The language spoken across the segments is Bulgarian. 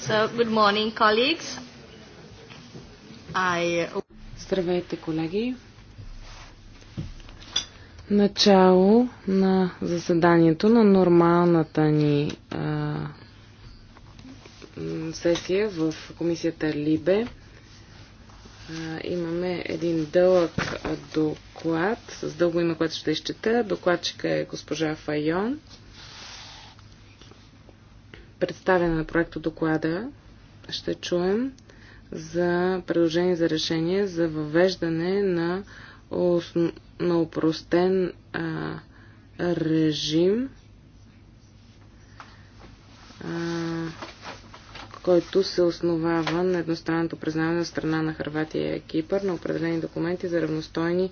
So, good morning, colleagues. I... Здравейте, колеги! Начало на заседанието на нормалната ни а, сесия в комисията Либе имаме един дълъг доклад с дълго име, което ще изчета. Докладчика е госпожа Файон. Представяне на проекто доклада ще чуем за предложение за решение за въвеждане на, на упростен а, режим а, който се основава на едностранното признаване на страна на Харватия и Кипър на определени документи за равностойни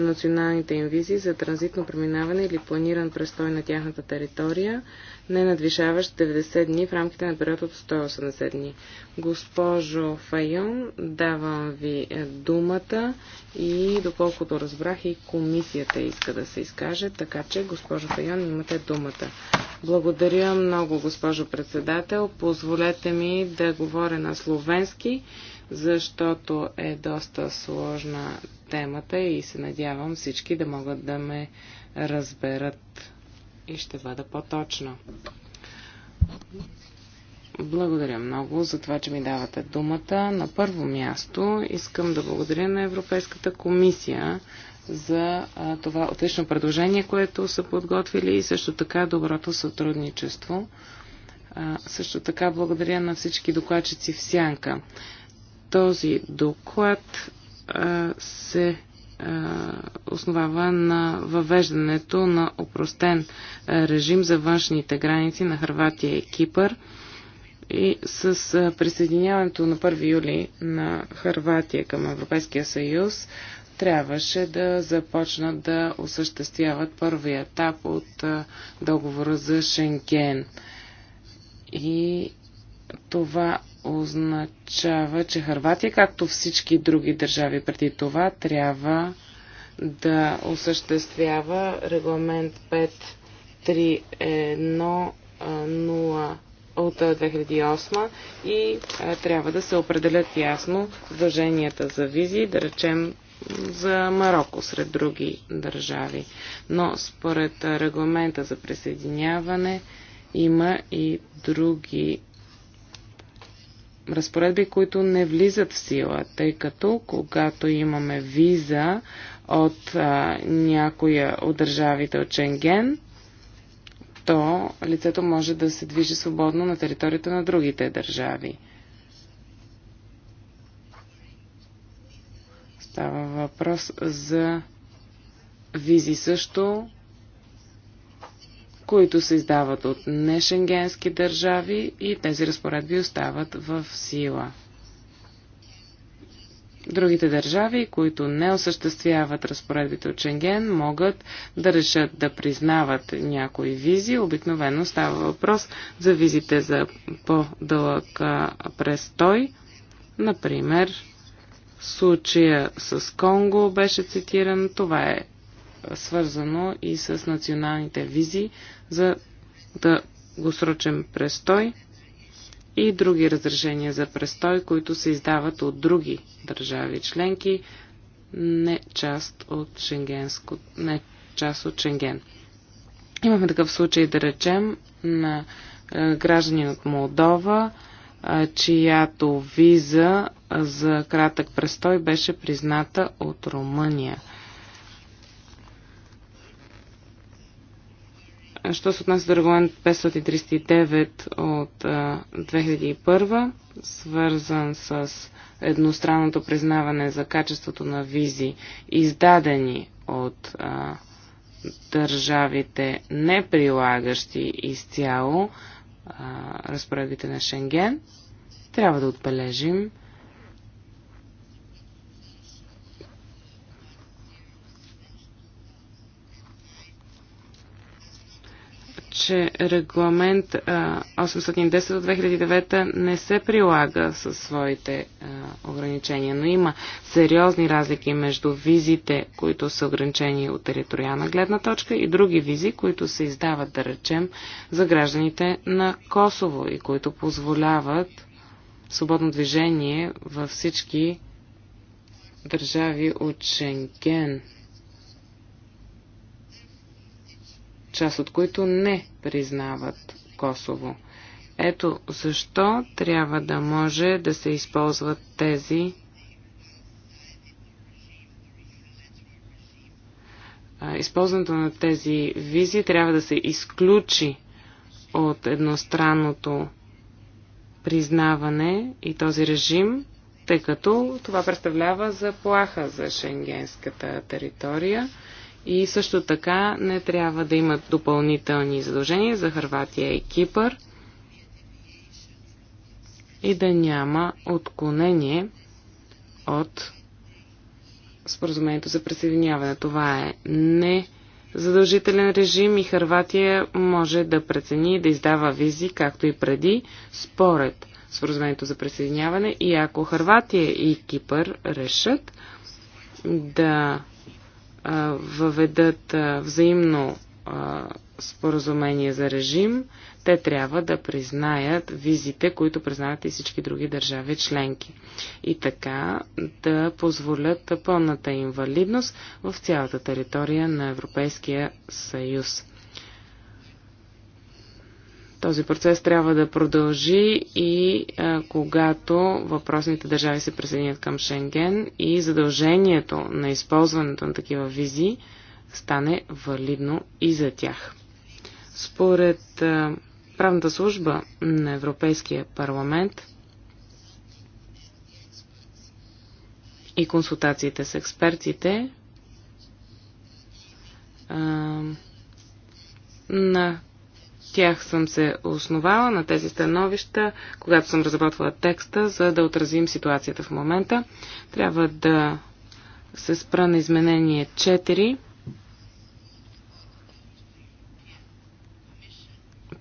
националните им визи за транзитно преминаване или планиран престой на тяхната територия, не надвишаващ 90 дни в рамките на период от 180 дни. Госпожо Файон, давам ви е, думата и доколкото разбрах и комисията иска да се изкаже, така че госпожо Файон имате думата. Благодаря много, госпожо председател. Позволете ми да говоря на словенски защото е доста сложна темата и се надявам всички да могат да ме разберат и ще бъда по-точна. Благодаря много за това, че ми давате думата. На първо място искам да благодаря на Европейската комисия за това отлично предложение, което са подготвили и също така доброто сътрудничество. Също така благодаря на всички докладчици в Сянка. Този доклад а, се основава на въвеждането на опростен режим за външните граници на Харватия и Кипър. И с присъединяването на 1 юли на Харватия към Европейския съюз трябваше да започнат да осъществяват първия етап от договора за Шенген. И това означава, че Харватия, както всички други държави преди това, трябва да осъществява регламент 5310 от 2008 и трябва да се определят ясно задълженията за визи, да речем за Марокко сред други държави. Но според регламента за присъединяване има и други разпоредби, които не влизат в сила, тъй като когато имаме виза от а, някоя от държавите от Ченген, то лицето може да се движи свободно на територията на другите държави. Става въпрос за визи също, които се издават от нешенгенски държави и тези разпоредби остават в сила. Другите държави, които не осъществяват разпоредбите от Шенген, могат да решат да признават някои визи. Обикновено става въпрос за визите за по-дълъг престой. Например, случая с Конго беше цитиран. Това е свързано и с националните визи за дългосрочен да престой и други разрешения за престой, които се издават от други държави членки, не част от, Шенгенско, не част от Шенген. Имаме такъв случай, да речем, на е, граждани от Молдова, е, чиято виза за кратък престой беше призната от Румъния. Що се отнася до регламент 539 от 2001, свързан с едностранното признаване за качеството на визи, издадени от а, държавите, не прилагащи изцяло а, разпоредбите на Шенген, трябва да отбележим, че регламент 810 от 2009 не се прилага със своите ограничения, но има сериозни разлики между визите, които са ограничени от териториална гледна точка и други визи, които се издават, да речем, за гражданите на Косово и които позволяват свободно движение във всички държави от Шенген. част от които не признават Косово. Ето защо трябва да може да се използват тези използването на тези визи трябва да се изключи от едностранното признаване и този режим, тъй като това представлява заплаха за шенгенската територия и също така не трябва да имат допълнителни задължения за Харватия и Кипър и да няма отклонение от споразумението за присъединяване. Това е не задължителен режим и Харватия може да прецени да издава визи, както и преди, според споразумението за присъединяване. И ако Харватия и Кипър решат да въведат взаимно споразумение за режим, те трябва да признаят визите, които признават и всички други държави членки. И така да позволят пълната инвалидност в цялата територия на Европейския съюз. Този процес трябва да продължи и а, когато въпросните държави се присъединят към Шенген и задължението на използването на такива визи стане валидно и за тях. Според а, правната служба на Европейския парламент и консултациите с експертите, а, на тях съм се основала на тези становища, когато съм разработвала текста, за да отразим ситуацията в момента. Трябва да се спра на изменение 4.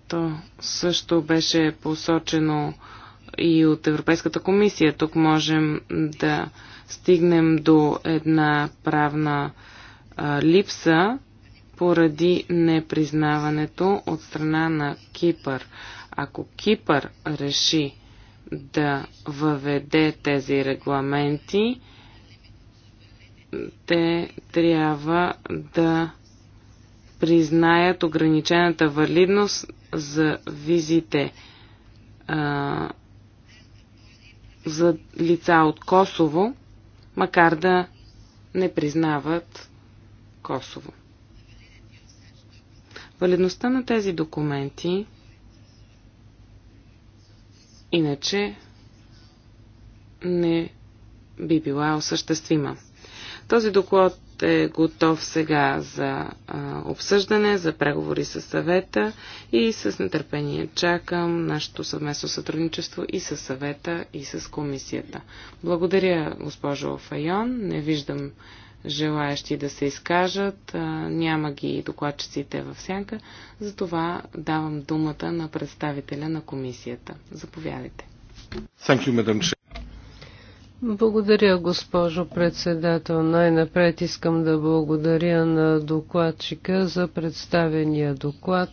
То също беше посочено и от Европейската комисия. Тук можем да стигнем до една правна а, липса, поради непризнаването от страна на Кипър. Ако Кипър реши да въведе тези регламенти, те трябва да признаят ограничената валидност за визите а, за лица от Косово, макар да не признават Косово валидността на тези документи, иначе не би била осъществима. Този доклад е готов сега за а, обсъждане, за преговори с съвета и с нетърпение чакам нашето съвместно сътрудничество и с съвета, и с комисията. Благодаря, госпожо Файон. Не виждам желаящи да се изкажат. Няма ги докладчиците в сянка. Затова давам думата на представителя на комисията. Заповядайте. Благодаря, госпожо председател. Най-напред искам да благодаря на докладчика за представения доклад.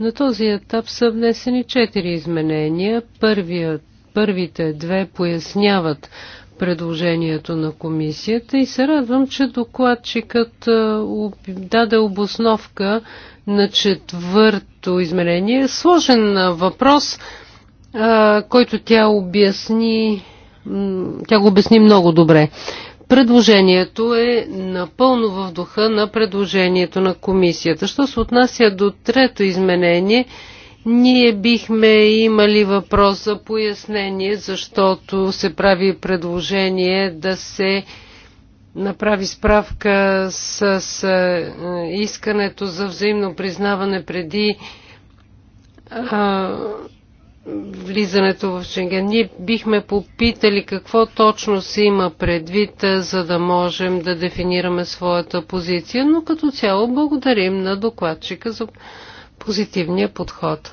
На този етап са внесени четири изменения. Първият първите две поясняват предложението на комисията и се радвам, че докладчикът е, даде обосновка на четвърто измерение. Сложен е, въпрос, е, който тя обясни, тя го обясни много добре. Предложението е напълно в духа на предложението на комисията. Що се отнася до трето изменение – ние бихме имали въпрос за пояснение, защото се прави предложение да се направи справка с, е, искането за взаимно признаване преди а, влизането в Шенген. Ние бихме попитали какво точно се има предвид, е, за да можем да дефинираме своята позиция, но като цяло благодарим на докладчика за позитивния подход.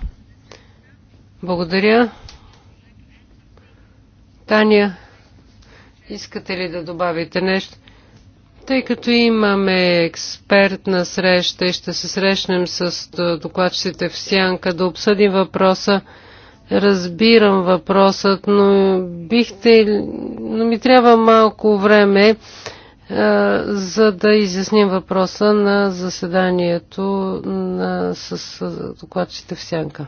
Благодаря. Таня, искате ли да добавите нещо? Тъй като имаме експертна среща и ще се срещнем с докладчиците в Сянка да обсъдим въпроса, разбирам въпросът, но бихте, но ми трябва малко време е, за да изясним въпроса на заседанието на, с, с докладчите в Сянка.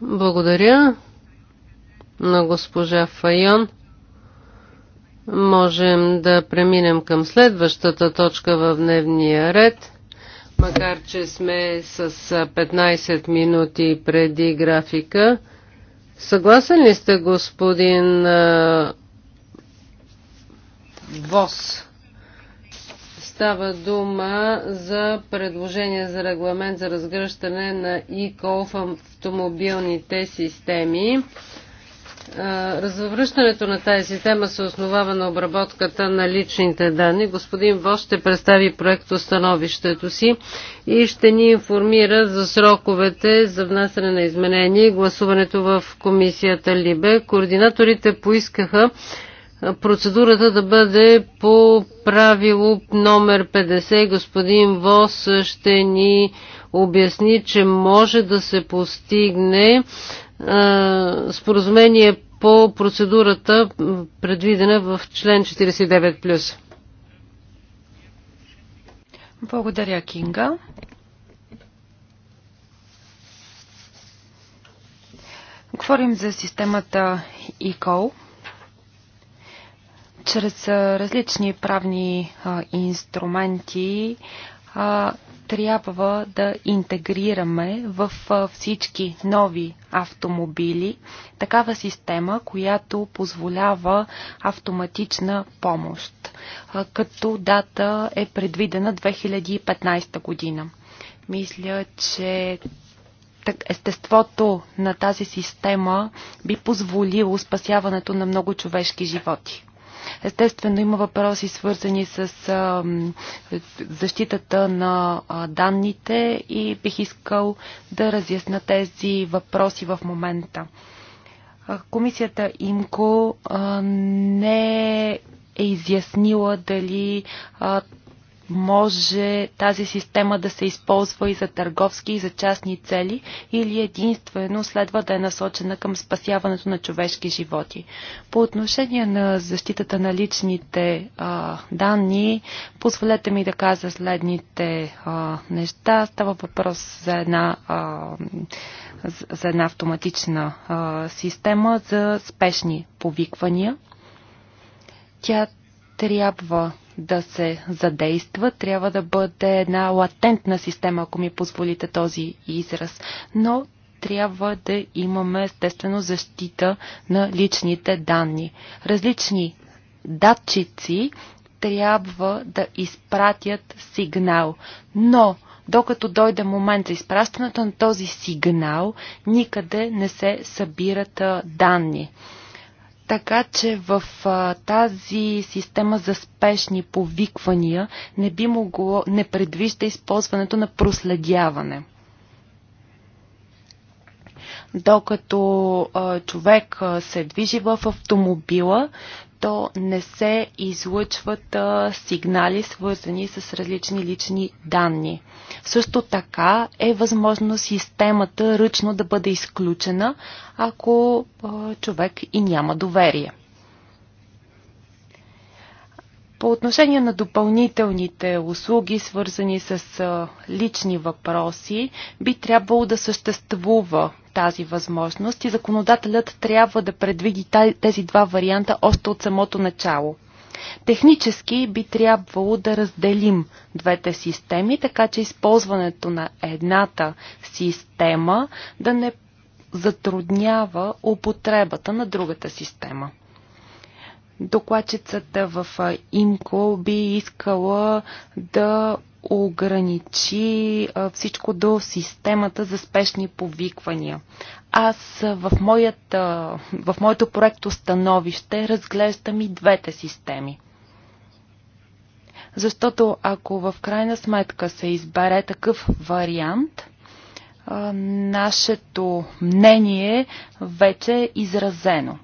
Благодаря на госпожа Файон. Можем да преминем към следващата точка в дневния ред, макар че сме с 15 минути преди графика. Съгласен ли сте, господин ВОС? Става дума за предложение за регламент за разгръщане на ИКО в автомобилните системи. Развръщането на тази система се основава на обработката на личните данни. Господин Вос ще представи проект становището си и ще ни информира за сроковете за внасяне на изменения и гласуването в комисията Либе. Координаторите поискаха процедурата да бъде по правило номер 50. Господин Вос ще ни обясни, че може да се постигне е, споразумение по процедурата, предвидена в член 49+. Благодаря, Кинга. Говорим за системата ECOL. Чрез различни правни а, инструменти а, трябва да интегрираме в всички нови автомобили такава система, която позволява автоматична помощ, като дата е предвидена 2015 година. Мисля, че естеството на тази система би позволило спасяването на много човешки животи. Естествено има въпроси свързани с защитата на данните и бих искал да разясна тези въпроси в момента. Комисията ИМКО не е изяснила дали може тази система да се използва и за търговски, и за частни цели, или единствено следва да е насочена към спасяването на човешки животи. По отношение на защитата на личните а, данни, позволете ми да кажа следните а, неща. Става въпрос за една. А, за една автоматична а, система за спешни повиквания. Тя трябва да се задейства, трябва да бъде една латентна система, ако ми позволите този израз. Но трябва да имаме естествено защита на личните данни. Различни датчици трябва да изпратят сигнал. Но, докато дойде момент за изпращането на този сигнал, никъде не се събират данни. Така че в а, тази система за спешни повиквания не би могло, не предвижда използването на проследяване. Докато а, човек а, се движи в автомобила, то не се излъчват а, сигнали, свързани с различни лични данни. Също така е възможно системата ръчно да бъде изключена, ако а, човек и няма доверие. По отношение на допълнителните услуги, свързани с лични въпроси, би трябвало да съществува тази възможност и законодателят трябва да предвиди тези два варианта още от самото начало. Технически би трябвало да разделим двете системи, така че използването на едната система да не затруднява употребата на другата система. Докладчицата в Инко би искала да ограничи всичко до системата за спешни повиквания. Аз в, моята, в моето проекто становище разглеждам и двете системи. Защото ако в крайна сметка се избере такъв вариант, нашето мнение вече е изразено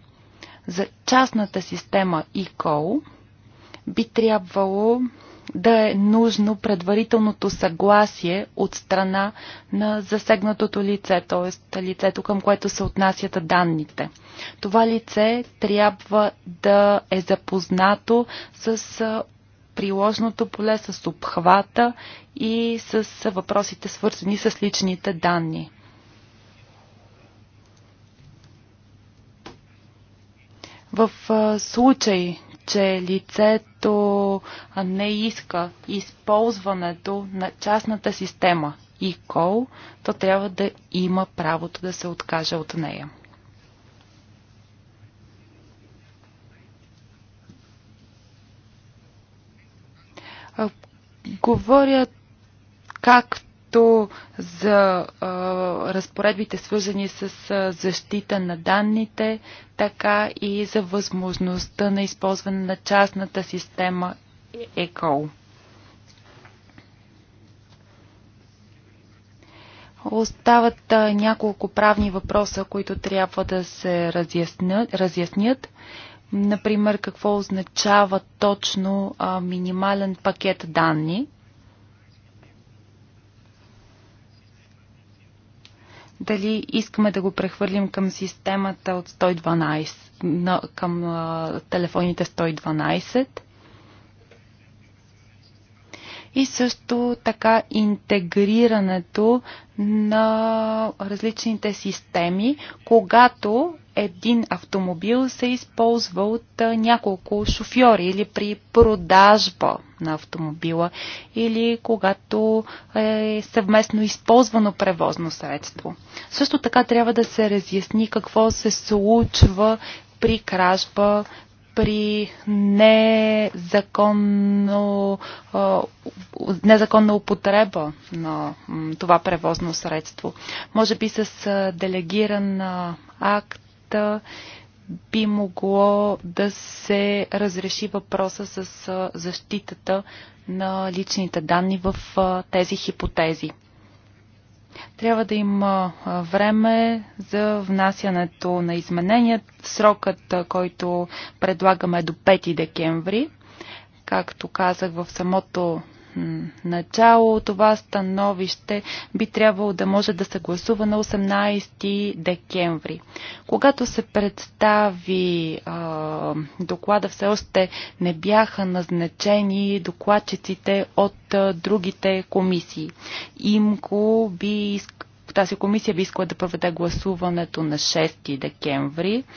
за частната система ИКОЛ би трябвало да е нужно предварителното съгласие от страна на засегнатото лице, т.е. лицето към което се отнасят данните. Това лице трябва да е запознато с приложното поле, с обхвата и с въпросите свързани с личните данни. В случай, че лицето не иска използването на частната система и кол, то трябва да има правото да се откаже от нея. Говорят както както за а, разпоредбите свързани с а, защита на данните, така и за възможността на използване на частната система ECOL. Остават а, няколко правни въпроса, които трябва да се разяснят. разяснят. Например, какво означава точно а, минимален пакет данни. дали искаме да го прехвърлим към системата от 112, на, към а, телефоните 112. И също така интегрирането на различните системи, когато един автомобил се използва от няколко шофьори или при продажба на автомобила или когато е съвместно използвано превозно средство. Също така трябва да се разясни какво се случва при кражба, при незаконно, незаконна употреба на това превозно средство. Може би с делегиран акт би могло да се разреши въпроса с защитата на личните данни в тези хипотези. Трябва да има време за внасянето на изменения. Срокът, който предлагаме е до 5 декември. Както казах в самото начало. Това становище би трябвало да може да се гласува на 18 декември. Когато се представи а, доклада, все още не бяха назначени докладчиците от а, другите комисии. Имко би иск... тази комисия би искала да проведе гласуването на 6 декември. А,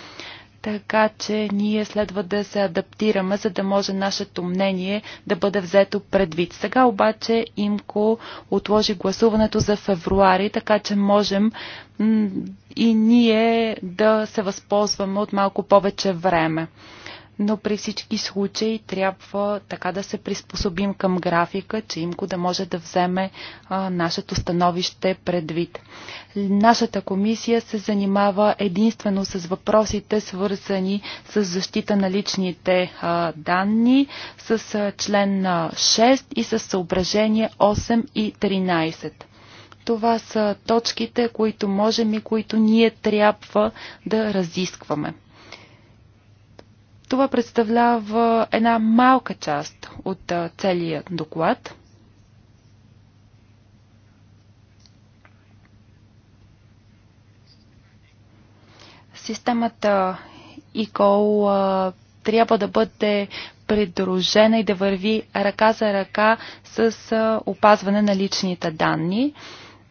така че ние следва да се адаптираме, за да може нашето мнение да бъде взето предвид. Сега обаче Имко отложи гласуването за февруари, така че можем и ние да се възползваме от малко повече време но при всички случаи трябва така да се приспособим към графика, че имко да може да вземе а, нашето становище предвид. Нашата комисия се занимава единствено с въпросите, свързани с защита на личните а, данни, с а, член 6 и с съображение 8 и 13. Това са точките, които можем и които ние трябва да разискваме. Това представлява една малка част от целия доклад. Системата ECOL трябва да бъде придружена и да върви ръка за ръка с опазване на личните данни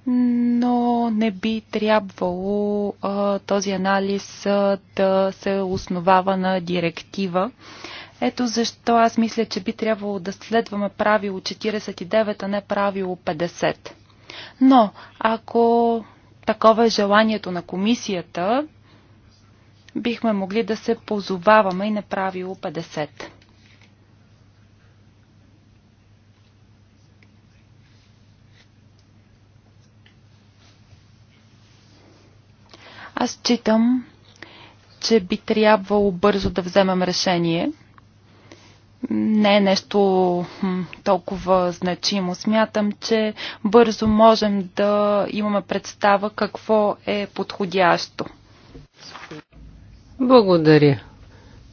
но не би трябвало а, този анализ а, да се основава на директива. Ето защо аз мисля, че би трябвало да следваме правило 49, а не правило 50. Но ако такова е желанието на комисията, бихме могли да се позоваваме и на правило 50. Аз читам, че би трябвало бързо да вземем решение. Не е нещо толкова значимо. Смятам, че бързо можем да имаме представа какво е подходящо. Благодаря.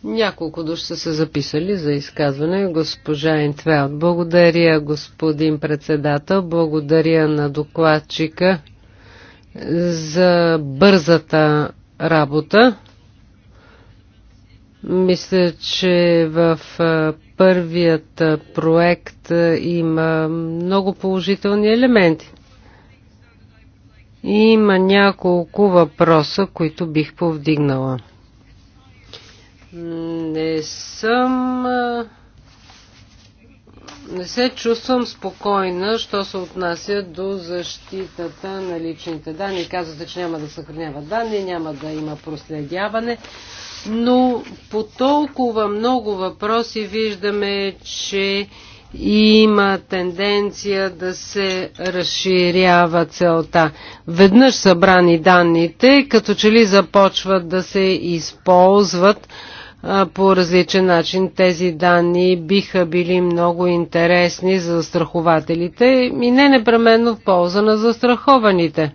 Няколко души са се записали за изказване. Госпожа Интвелт. Благодаря, господин председател. Благодаря на докладчика за бързата работа. Мисля, че в първият проект има много положителни елементи. Има няколко въпроса, които бих повдигнала. Не съм не се чувствам спокойна, що се отнася до защитата на личните данни. Казвате, че няма да съхранява данни, няма да има проследяване, но по толкова много въпроси виждаме, че има тенденция да се разширява целта. Веднъж събрани данните, като че ли започват да се използват по различен начин. Тези данни биха били много интересни за застрахователите и не непременно в полза на застрахованите.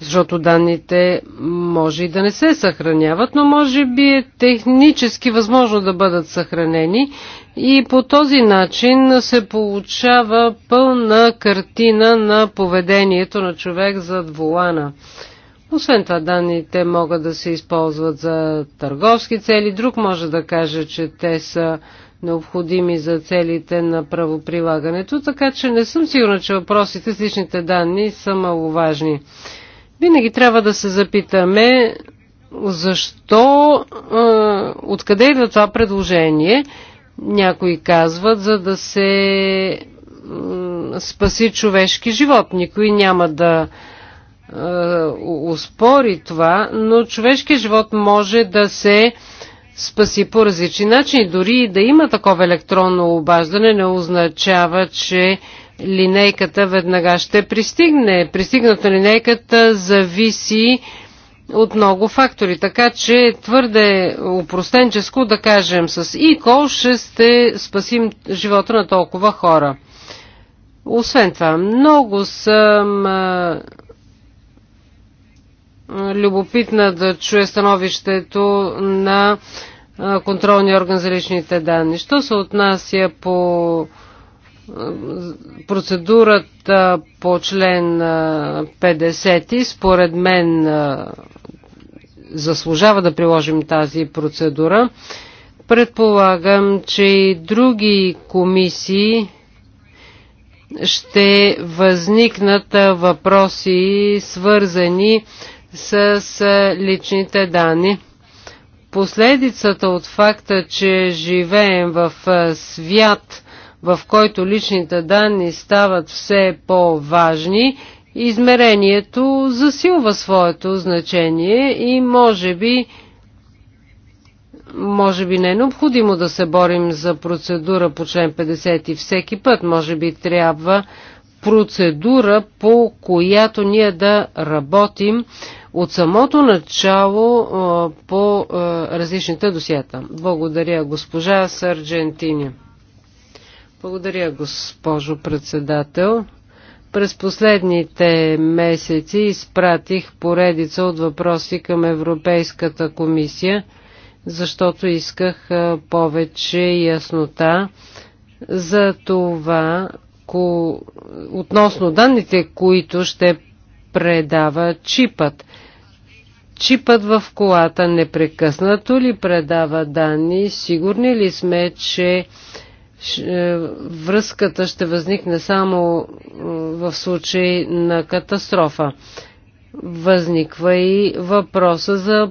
Защото данните може и да не се съхраняват, но може би е технически възможно да бъдат съхранени и по този начин се получава пълна картина на поведението на човек зад вулана. Освен това, данните могат да се използват за търговски цели. Друг може да каже, че те са необходими за целите на правоприлагането, така че не съм сигурна, че въпросите с личните данни са маловажни. Винаги трябва да се запитаме защо, откъде идва това предложение. Някои казват, за да се спаси човешки живот. Никой няма да е, успори това, но човешкият живот може да се спаси по различни начини. Дори и да има такова електронно обаждане, не означава, че линейката веднага ще пристигне. Пристигната линейката зависи от много фактори, така че твърде упростенческо да кажем с ИКО ще сте спасим живота на толкова хора. Освен това, много съм е, любопитна да чуя становището на контролния орган за личните данни. Що се отнася по процедурата по член 50, според мен заслужава да приложим тази процедура. Предполагам, че и други комисии ще възникнат въпроси свързани с с е, личните данни. Последицата от факта, че живеем в е, свят, в който личните данни стават все по-важни, измерението засилва своето значение и може би може би не е необходимо да се борим за процедура по член 50 всеки път. Може би трябва процедура, по която ние да работим от самото начало по различните досията. Благодаря, госпожа Сарджентини. Благодаря, госпожо председател. През последните месеци изпратих поредица от въпроси към Европейската комисия, защото исках повече яснота за това ко... относно данните, които ще предава чипът. Чипът в колата непрекъснато ли предава данни? Сигурни ли сме, че е, връзката ще възникне само е, в случай на катастрофа? Възниква и въпроса за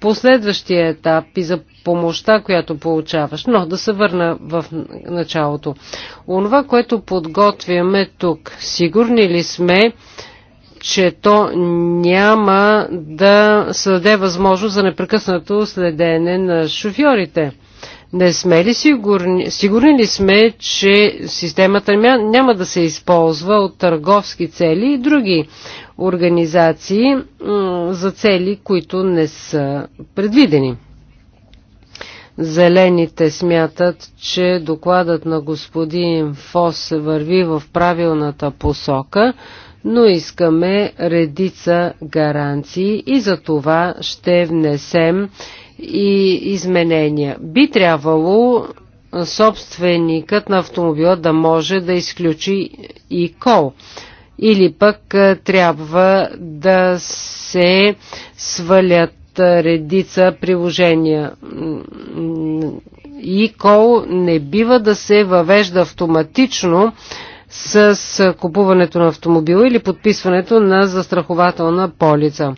последващия етап и за помощта, която получаваш. Но да се върна в началото. Онова, което подготвяме тук, сигурни ли сме, че то няма да създаде възможност за непрекъснато следене на шофьорите? Не сме ли сигурни, сигурни ли сме, че системата няма да се използва от търговски цели и други организации за цели, които не са предвидени? Зелените смятат, че докладът на господин Фос върви в правилната посока, но искаме редица гаранции и за това ще внесем и изменения. Би трябвало собственикът на автомобила да може да изключи и кол. Или пък трябва да се свалят редица приложения. И кол не бива да се въвежда автоматично с купуването на автомобила или подписването на застрахователна полица.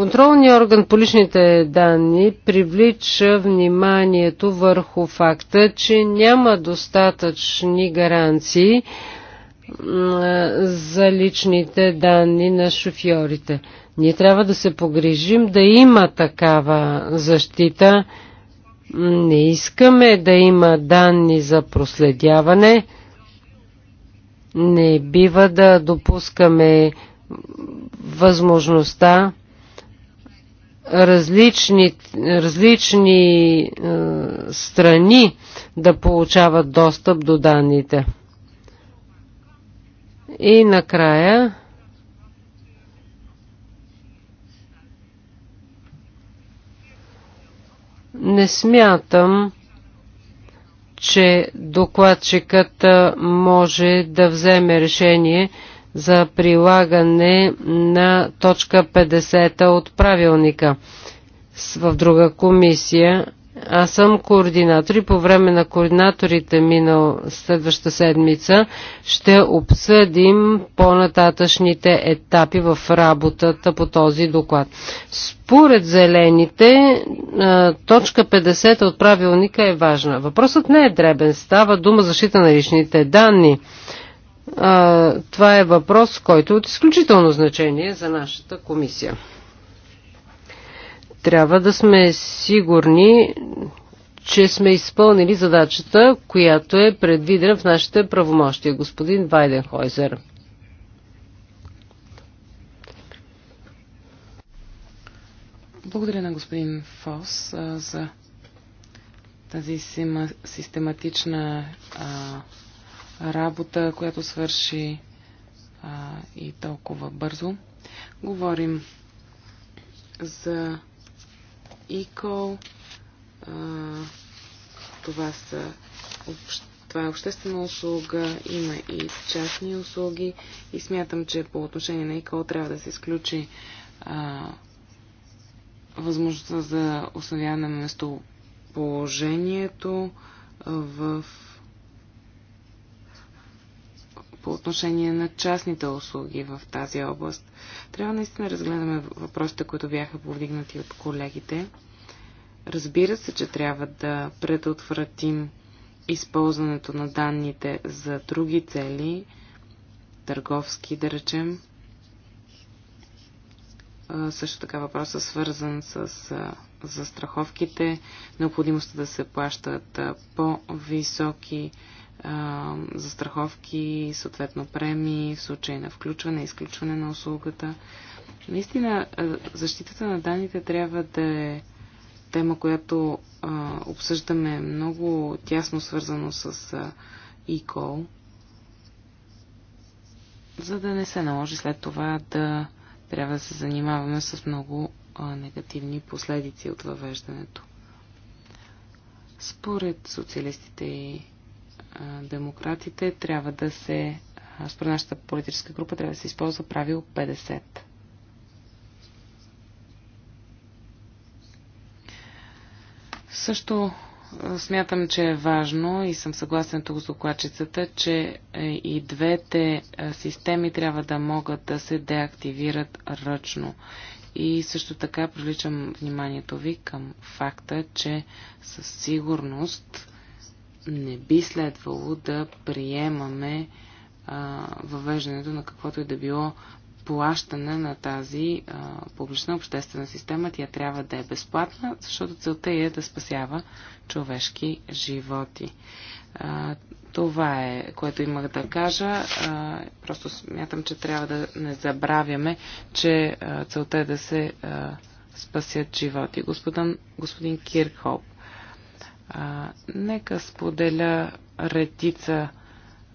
Контролният орган по личните данни привлича вниманието върху факта, че няма достатъчни гаранции за личните данни на шофьорите. Ние трябва да се погрижим да има такава защита. Не искаме да има данни за проследяване. Не бива да допускаме възможността различни, различни е, страни да получават достъп до данните. И накрая не смятам, че докладчикът е, може да вземе решение, за прилагане на точка 50 от правилника в друга комисия. Аз съм координатор и по време на координаторите минал следваща седмица ще обсъдим по-нататъчните етапи в работата по този доклад. Според зелените, точка 50 от правилника е важна. Въпросът не е дребен, става дума защита на личните данни. А, това е въпрос, който е от изключително значение за нашата комисия. Трябва да сме сигурни, че сме изпълнили задачата, която е предвидена в нашите правомощия, господин Вайденхойзер. Благодаря на господин Фос а, за тази систематична а, работа, която свърши а, и толкова бързо. Говорим за ИКО. Това, са, това е обществена услуга, има и частни услуги и смятам, че по отношение на ИКО трябва да се изключи а, възможността за установяване на местоположението в по отношение на частните услуги в тази област. Трябва наистина да разгледаме въпросите, които бяха повдигнати от колегите. Разбира се, че трябва да предотвратим използването на данните за други цели, търговски, да речем. Също така въпросът е свързан с застраховките, необходимостта да се плащат по-високи за застраховки, съответно премии в случай на включване, изключване на услугата. Наистина, защитата на данните трябва да е тема, която обсъждаме много тясно свързано с а, за да не се наложи след това да трябва да се занимаваме с много негативни последици от въвеждането. Според социалистите и демократите трябва да се, според нашата политическа група, трябва да се използва правило 50. Също смятам, че е важно и съм съгласен тук с докладчицата, че е, и двете системи трябва да могат да се деактивират ръчно. И също така привличам вниманието ви към факта, че със сигурност не би следвало да приемаме а, въвеждането на каквото и е да било плащане на тази а, публична обществена система. Тя трябва да е безплатна, защото целта е да спасява човешки животи. А, това е, което имах да кажа. А, просто смятам, че трябва да не забравяме, че а, целта е да се а, спасят животи. Господин, господин Кирхоп. А, нека споделя редица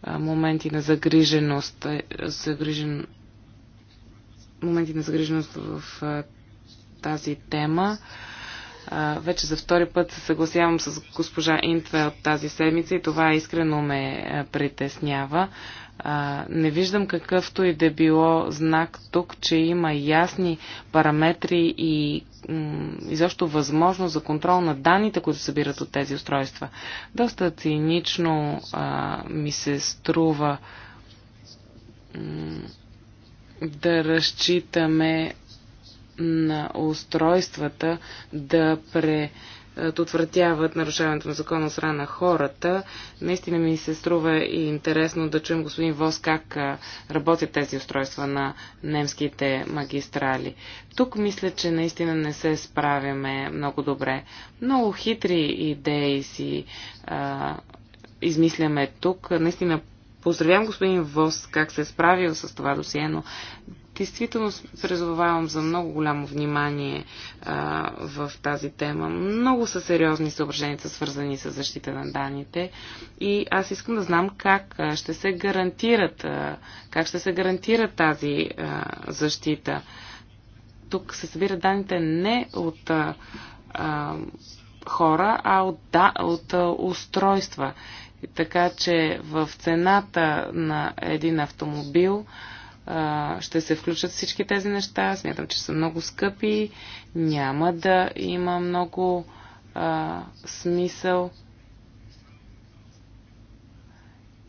а, моменти на загриженост, е, загрижен, моменти на загриженост в а, тази тема. А, вече за втори път се съгласявам с госпожа Интве от тази седмица и това искрено ме притеснява. Не виждам какъвто и да било знак тук, че има ясни параметри и изобщо възможност за контрол на данните, които събират от тези устройства. Доста цинично ми се струва да разчитаме на устройствата да пре отвратяват е, нарушаването на закона с рана на хората. Наистина ми се струва и интересно да чуем господин Вос как е, работят тези устройства на немските магистрали. Тук мисля, че наистина не се справяме много добре. Много хитри идеи си а, е, измисляме тук. Наистина поздравям господин Вос как се е справил с това досие, но Действително призовавам за много голямо внимание а, в тази тема. Много са сериозни съображения, свързани с защита на данните. И аз искам да знам как ще се гарантират, а, как ще се гарантира тази а, защита. Тук се събират данните не от а, а, хора, а от, да, от а, устройства. Така че в цената на един автомобил а, ще се включат всички тези неща. Смятам, че са много скъпи. Няма да има много а, смисъл.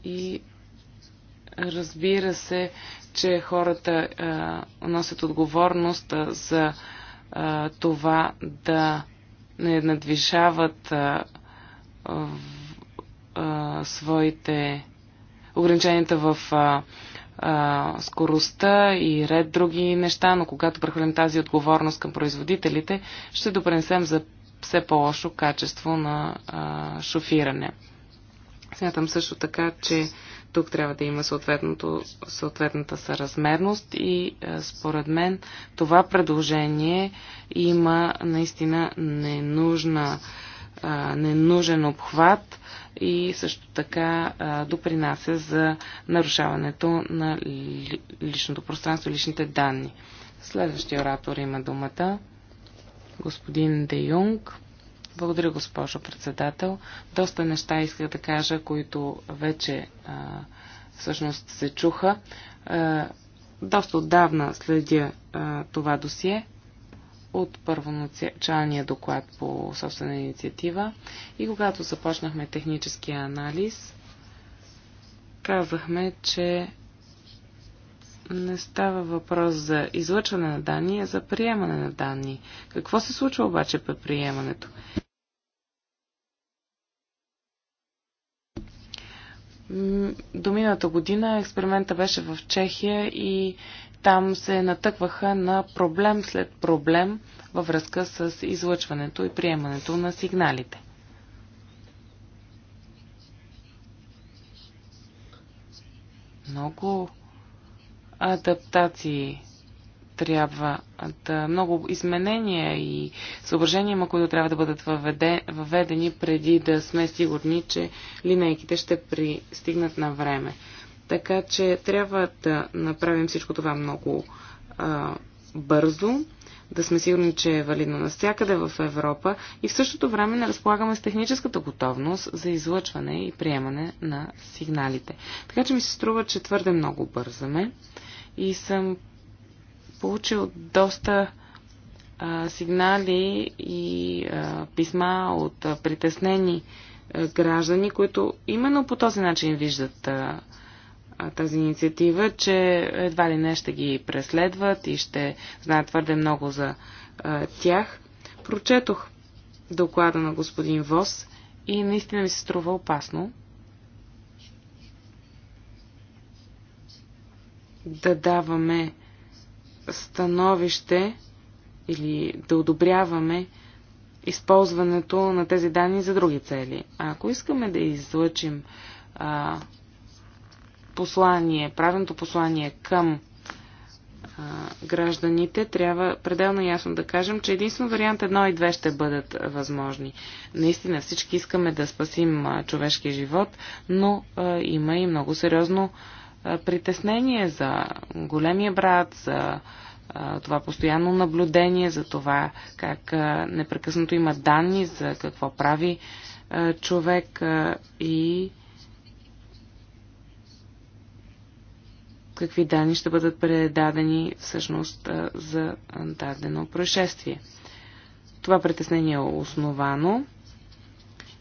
И разбира се, че хората а, носят отговорност а, за а, това да не надвишават а, а, своите ограниченията в а, а, скоростта и ред други неща, но когато прехвърлим тази отговорност към производителите, ще допренесем за все по-лошо качество на а, шофиране. Смятам също така, че тук трябва да има съответната съразмерност и според мен това предложение има наистина ненужна, ненужен обхват и също така а, допринася за нарушаването на личното пространство, личните данни. Следващия оратор има думата. Господин Де Юнг. Благодаря, госпожо председател. Доста неща исках да кажа, които вече а, всъщност се чуха. А, доста отдавна следя а, това досие от първоначалния доклад по собствена инициатива и когато започнахме техническия анализ, казахме, че не става въпрос за излъчване на данни, а за приемане на данни. Какво се случва обаче при приемането? До миналата година експеримента беше в Чехия и там се натъкваха на проблем след проблем във връзка с излъчването и приемането на сигналите. Много адаптации трябва да, много изменения и съображения които трябва да бъдат въведени преди да сме сигурни, че линейките ще пристигнат на време. Така че трябва да направим всичко това много а, бързо, да сме сигурни, че е валидно навсякъде в Европа и в същото време не разполагаме с техническата готовност за излъчване и приемане на сигналите. Така че ми се струва, че твърде много бързаме и съм получил доста а, сигнали и а, писма от а, притеснени а, граждани, които именно по този начин виждат а, тази инициатива, че едва ли не ще ги преследват и ще знаят твърде много за а, тях. Прочетох доклада на господин Вос и наистина ми се струва опасно да даваме становище или да одобряваме използването на тези данни за други цели. А ако искаме да излъчим а, послание, правилното послание към гражданите, трябва пределно ясно да кажем, че единствено вариант едно и две ще бъдат възможни. Наистина всички искаме да спасим човешкия живот, но а, има и много сериозно а, притеснение за големия брат, за това постоянно наблюдение, за това как непрекъснато има данни за какво прави човек и какви данни ще бъдат предадени всъщност за дадено происшествие. Това притеснение е основано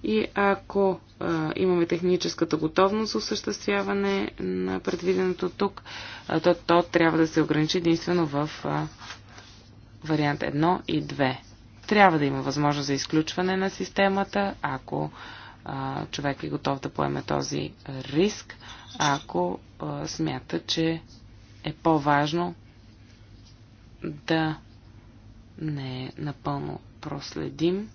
и ако а, имаме техническата готовност за осъществяване на предвиденото тук, а, то, то трябва да се ограничи единствено в а, вариант 1 и 2. Трябва да има възможност за изключване на системата, ако а, човек е готов да поеме този риск, ако а, смята, че е по-важно да не е напълно проследим.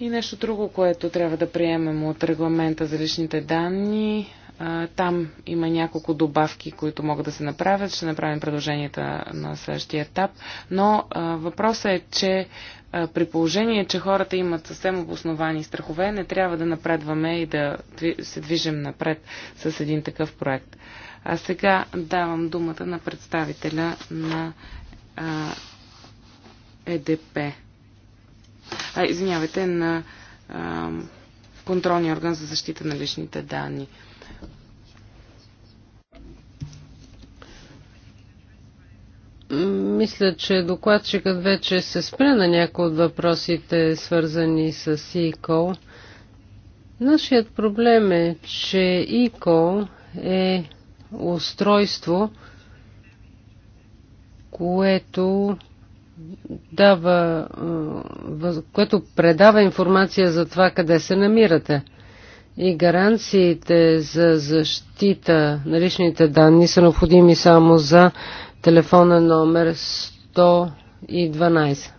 И нещо друго, което трябва да приемем от регламента за личните данни. Там има няколко добавки, които могат да се направят. Ще направим предложенията на следващия етап. Но въпросът е, че при положение, че хората имат съвсем обосновани страхове, не трябва да напредваме и да се движим напред с един такъв проект. А сега давам думата на представителя на а, ЕДП. А, извинявайте, на а, контролния орган за защита на личните данни. Мисля, че докладчикът вече се спре на някои от въпросите, свързани с ИКО. Нашият проблем е, че ИКО е устройство, което дава, което предава информация за това къде се намирате. И гаранциите за защита на личните данни са необходими само за телефона номер 112.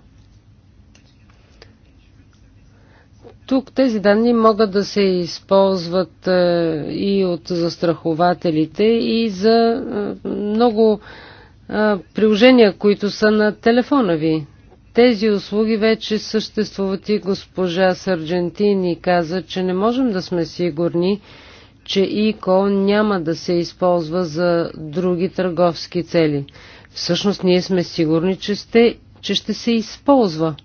Тук тези данни могат да се използват е, и от застрахователите и за е, много е, приложения, които са на телефона ви. Тези услуги вече съществуват и госпожа Сарджентини каза, че не можем да сме сигурни, че ИКО няма да се използва за други търговски цели. Всъщност ние сме сигурни, че, сте, че ще се използва.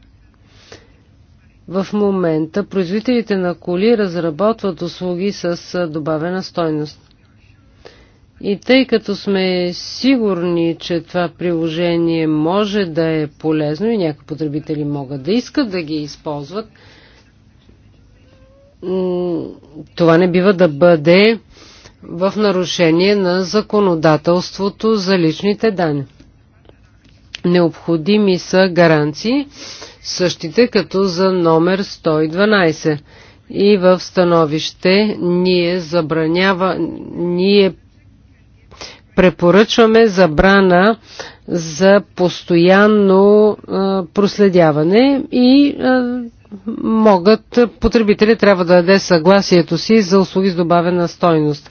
В момента производителите на коли разработват услуги с добавена стойност. И тъй като сме сигурни, че това приложение може да е полезно и някои потребители могат да искат да ги използват, това не бива да бъде в нарушение на законодателството за личните данни. Необходими са гаранции, същите като за номер 112. И в становище ние забранява, ние препоръчваме забрана за постоянно а, проследяване и а, могат, потребители трябва да даде съгласието си за услуги с добавена стойност.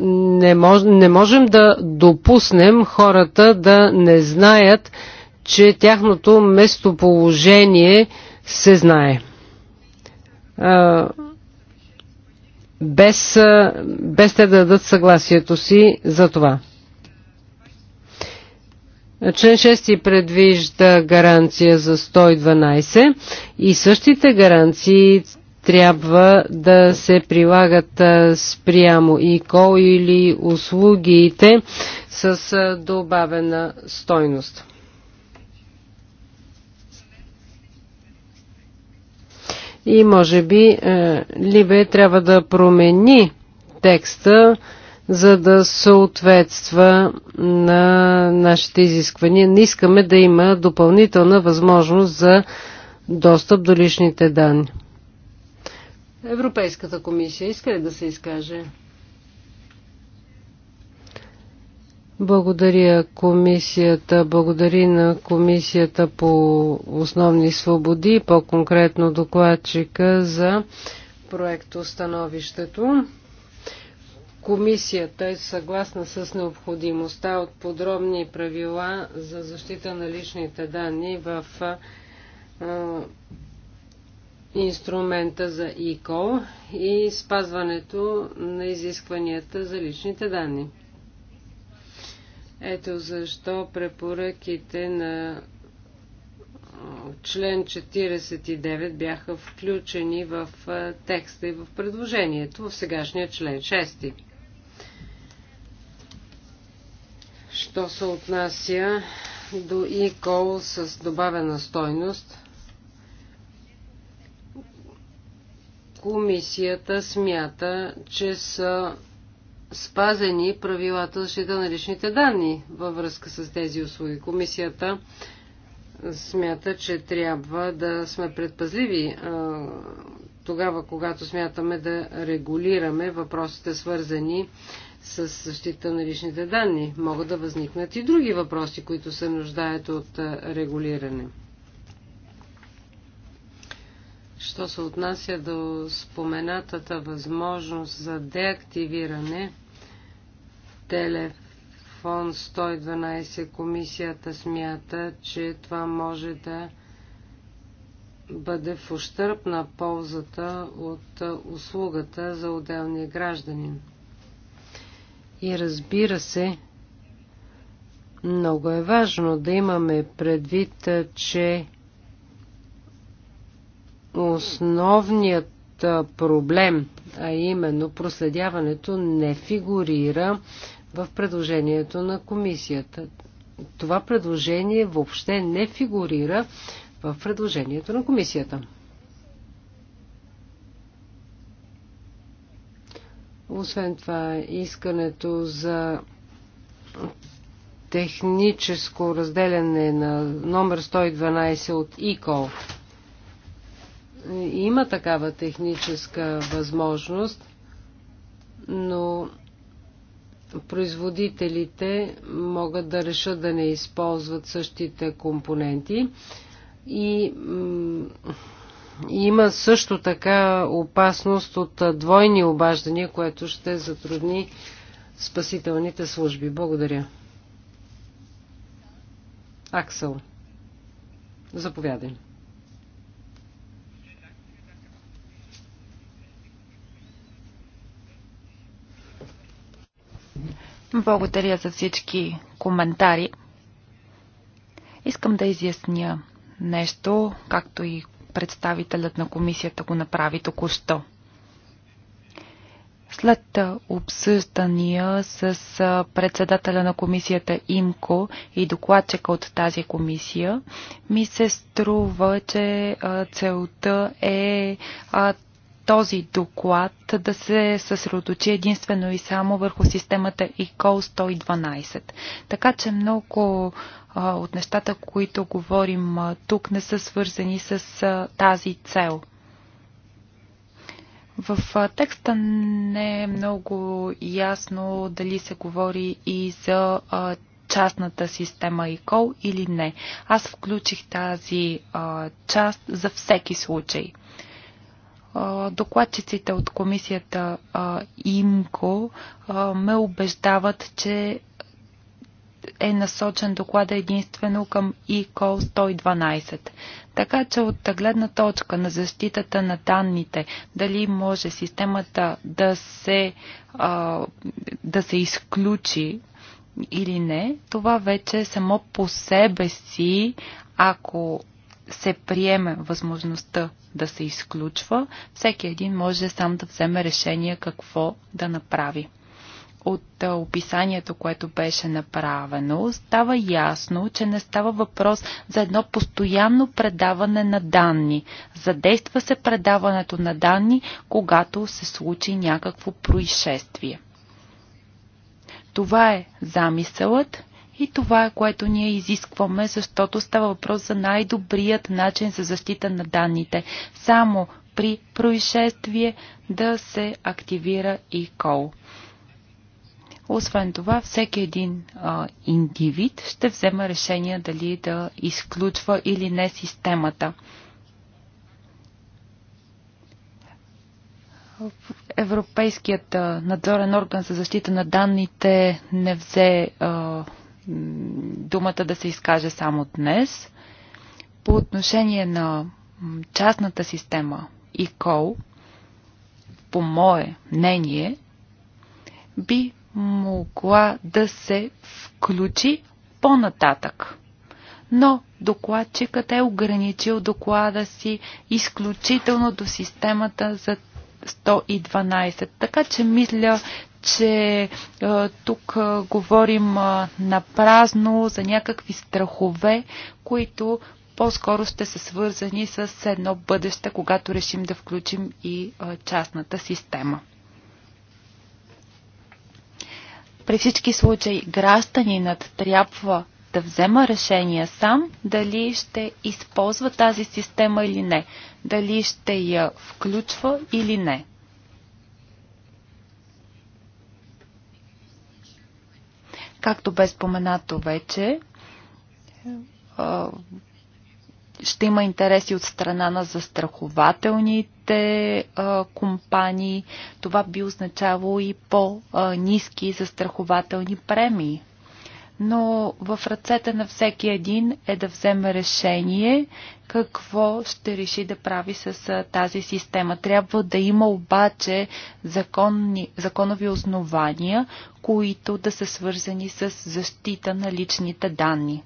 Не, мож, не можем да допуснем хората да не знаят, че тяхното местоположение се знае. Без, без те да дадат съгласието си за това. Член 6 предвижда гаранция за 112 и същите гаранции трябва да се прилагат спрямо ИКО или услугите с добавена стойност. И може би е, Либе трябва да промени текста за да съответства на нашите изисквания. Не искаме да има допълнителна възможност за достъп до личните данни. Европейската комисия иска ли да се изкаже? Благодаря комисията, благодари на комисията по основни свободи, по-конкретно докладчика за становището. Комисията е съгласна с необходимостта от подробни правила за защита на личните данни в инструмента за ИКОЛ и спазването на изискванията за личните данни. Ето защо препоръките на член 49 бяха включени в текста и в предложението в сегашния член 6. Що се отнася до e-call с добавена стойност, комисията смята, че са спазени правилата за защита на личните данни във връзка с тези услуги. Комисията смята, че трябва да сме предпазливи тогава, когато смятаме да регулираме въпросите свързани с защита на личните данни. Могат да възникнат и други въпроси, които се нуждаят от регулиране. Що се отнася до споменатата възможност за деактивиране, телефон 112 комисията смята, че това може да бъде в ущърп на ползата от услугата за отделния гражданин. И разбира се, много е важно да имаме предвид, че основният проблем, а именно проследяването, не фигурира в предложението на комисията. Това предложение въобще не фигурира в предложението на комисията. Освен това, искането за техническо разделяне на номер 112 от ИКО. Има такава техническа възможност, но производителите могат да решат да не използват същите компоненти и има също така опасност от двойни обаждания, което ще затрудни спасителните служби. Благодаря. Аксел, заповядай. Благодаря за всички коментари. Искам да изясня нещо, както и представителят на комисията го направи току-що. След обсъждания с председателя на комисията Имко и докладчика от тази комисия, ми се струва, че целта е този доклад да се съсредоточи единствено и само върху системата ECOL 112. Така че много от нещата, които говорим тук, не са свързани с тази цел. В текста не е много ясно дали се говори и за частната система ИКОЛ или не. Аз включих тази а, част за всеки случай докладчиците от комисията ИМКО ме убеждават, че е насочен доклада единствено към ИКОЛ 112. Така че от гледна точка на защитата на данните, дали може системата да се, а, да се изключи или не, това вече само по себе си, ако се приеме възможността да се изключва. Всеки един може сам да вземе решение какво да направи. От описанието, което беше направено, става ясно, че не става въпрос за едно постоянно предаване на данни. Задейства се предаването на данни, когато се случи някакво происшествие. Това е замисълът и това е което ние изискваме, защото става въпрос за най-добрият начин за защита на данните. Само при происшествие да се активира и кол. Освен това, всеки един а, индивид ще взема решение дали да изключва или не системата. Европейският надзорен орган за защита на данните не взе а, думата да се изкаже само днес. По отношение на частната система и кол, по мое мнение, би могла да се включи по-нататък. Но докладчикът е ограничил доклада си изключително до системата за 112. Така че мисля, че тук говорим на празно за някакви страхове, които по-скоро ще са свързани с едно бъдеще, когато решим да включим и частната система. При всички случаи гражданинът трябва да взема решение сам дали ще използва тази система или не, дали ще я включва или не. Както бе споменато вече, е, ще има интереси от страна на застрахователните е, компании. Това би означало и по-низки е, застрахователни премии но в ръцете на всеки един е да вземе решение какво ще реши да прави с тази система. Трябва да има обаче законни, законови основания, които да са свързани с защита на личните данни.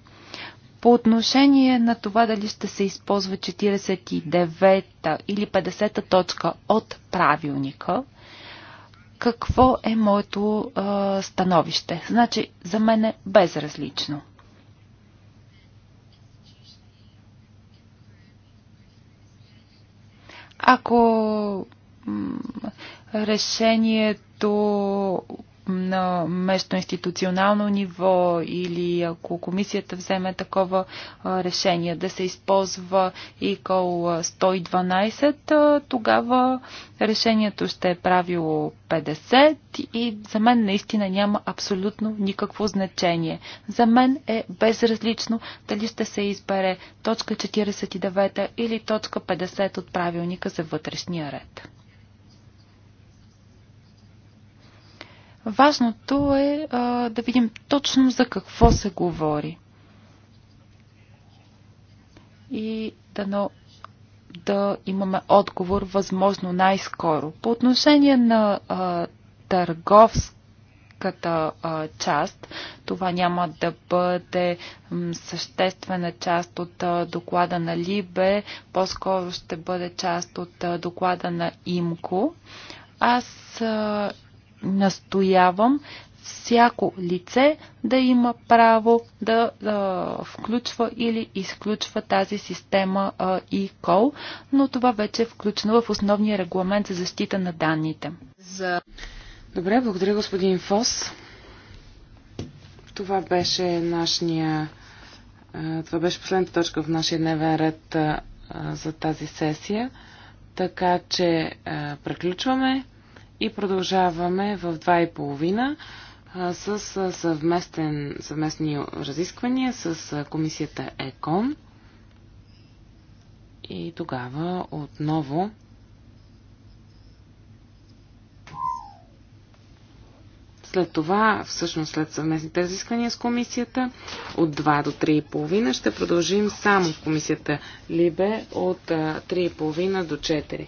По отношение на това дали ще се използва 49-та или 50-та точка от правилника, какво е моето а, становище. Значи, за мен е безразлично. Ако решението на местно институционално ниво или ако комисията вземе такова решение да се използва ИКОЛ 112, тогава решението ще е правило 50 и за мен наистина няма абсолютно никакво значение. За мен е безразлично дали ще се избере точка 49 или точка 50 от правилника за вътрешния ред. Важното е а, да видим точно за какво се говори. И да, но, да имаме отговор възможно най-скоро. По отношение на а, търговската а, част. Това няма да бъде м, съществена част от а, доклада на Либе, по-скоро ще бъде част от а, доклада на Имко. Аз а, настоявам всяко лице да има право да а, включва или изключва тази система а, e-call, но това вече е включено в основния регламент за защита на данните. За... Добре, благодаря господин Фос. Това беше нашия. Това беше последната точка в нашия дневен ред за тази сесия. Така че приключваме и продължаваме в 2.30 с съвместен, съвместни разисквания с комисията ЕКОН. И тогава отново След това, всъщност след съвместните разисквания с комисията, от 2 до 3.30 ще продължим само в комисията Либе от 3.30 до 4.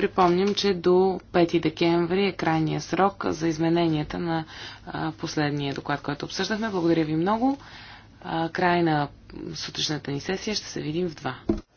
припомням, че до 5 декември е крайния срок за измененията на последния доклад, който обсъждахме. Благодаря ви много. Край на сутрешната ни сесия. Ще се видим в 2.